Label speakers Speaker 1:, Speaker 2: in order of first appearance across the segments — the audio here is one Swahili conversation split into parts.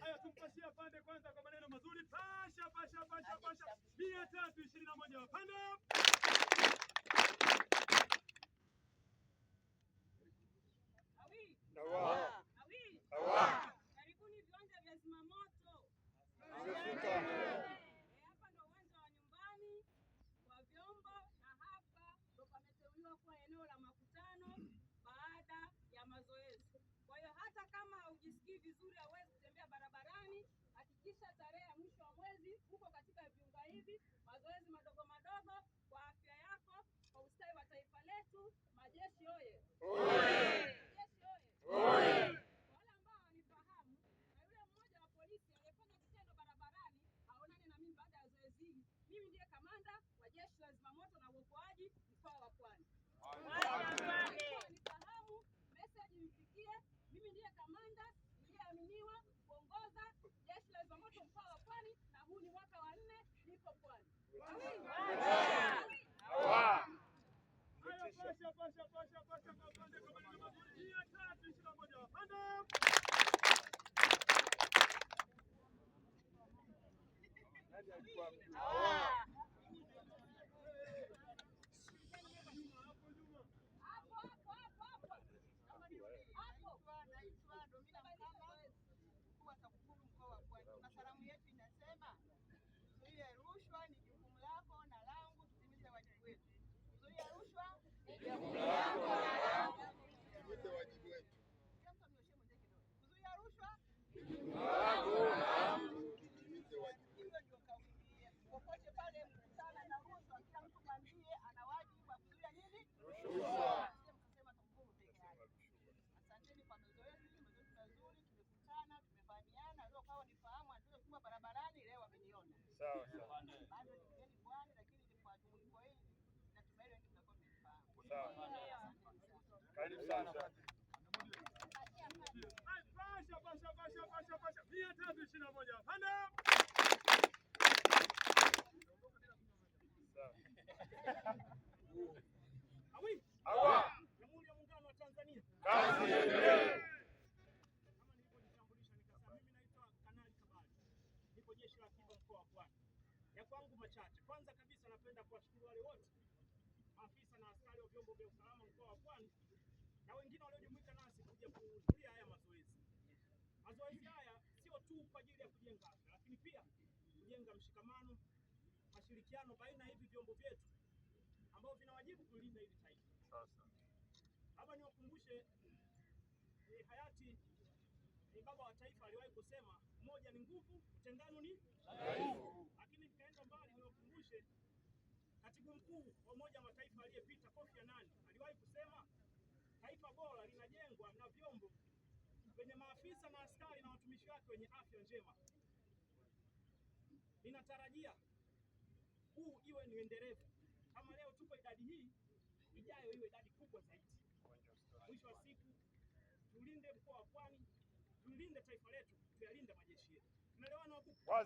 Speaker 1: Haya, tumpasie apande kwanza kwa maneno mazuri. Pasha, pasha, pasha, pasha. mia tatu ishirini na moja wapande vizuri, hawezi kutembea barabarani, hakikisha tarehe ya mwisho wa mwezi uko katika viunga hivi, mazoezi madogo madogo kwa afya yako, kwa ustawi wa taifa letu. Majeshi oye! Majeshi oye! Kwa wale ambao wanifahamu, na yule mmoja wa polisi aliyefanya kitendo barabarani aonane na mimi baada ya zoezi hili. Mimi ndiye kamanda wa jeshi la zimamoto na uokoaji mkoa wa Pwani.
Speaker 2: Mkoa wa Pwani. Salamu yetu inasema ile rushwa jukumu lako na langu, pale mkutana na mtu mwambie ana wajibu wa kuzuia nini? Rushwa. Asanteni kwa tumekutana, tumefahamiana. Leo kawa barabarani, leo wameniona. Sawa sawa. Sawa, karibu sana. wa Tanzania, kazi iendelee. Nipo jeshi la akiba mkoa wa Pwani. Ya kwangu machache, kwanza kabisa napenda kuwashukuru wale wote vyombo vya usalama mkoa wa Pwani na wengine waliojumuika nasi kuja kuhudhuria haya mazoezi. Mazoezi haya sio tu kwa ajili ya kujenga afya, lakini pia kujenga mshikamano, mashirikiano baina ya hivi vyombo vyetu ambavyo vinawajibu kulinda hili taifa. Sasa hapa niwakumbushe eh, hayati ni e, baba wa taifa aliwahi kusema, moja ni nguvu, utengano ni dhaifu. Lakini nikaenda mbali niwakumbushe mkuu wa Umoja wa Mataifa aliyepita Kofi Annan aliwahi kusema taifa bora linajengwa na vyombo vyenye maafisa na askari na watumishi wake wenye afya njema. Ninatarajia huu iwe ni endelevu. Kama leo tuko idadi hii, ijayo iwe idadi kubwa zaidi. Mwisho wa siku, tulinde mkoa wa Pwani, tulinde taifa letu, tuyalinde majeshi yetu. Tunaelewana wakubwa?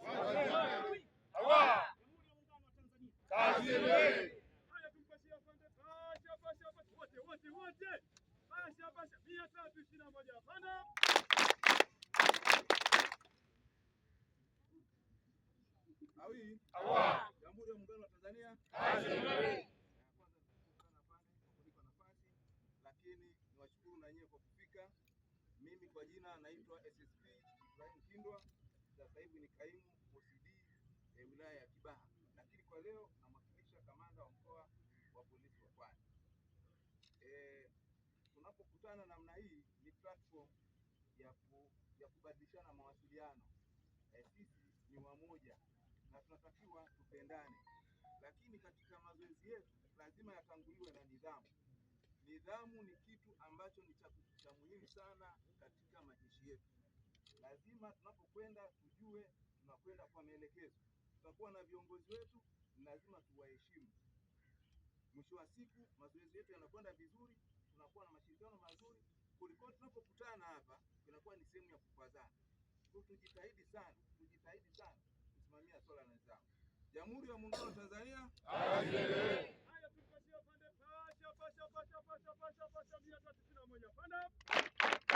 Speaker 2: Jamhuri ya Muungano wa Tanzania. Lakini niwashukuru na nyewe kwa kufika. Mimi kwa jina naitwa SSP Ibrahim Kindwa, sasa hivi ni kaimu OCD ya wilaya ya Kibaha, lakini kwa leo namwakilisha kamanda wa mkoa wa polisi wa Pwani. E, tunapokutana namna hii ni platform ya, ku, ya kubadilishana mawasiliano. E, sisi ni wamoja na tunatakiwa tupendane, lakini katika mazoezi yetu lazima yatanguliwe na nidhamu. Nidhamu ni kitu ambacho ni cha muhimu sana katika majeshi yetu. Lazima tunapokwenda tujue tunakwenda kwa maelekezo. Tutakuwa na viongozi wetu, lazima tuwaheshimu. Mwisho wa siku mazoezi yetu yanakwenda vizuri, tunakuwa na mashirikiano mazuri kuliko tunapokutana hapa, inakuwa ni sehemu ya kupazana. Tujitahidi sana, tujitahidi sana kusimamia swala la nidhamu. Jamhuri ya Muungano wa Tanzania.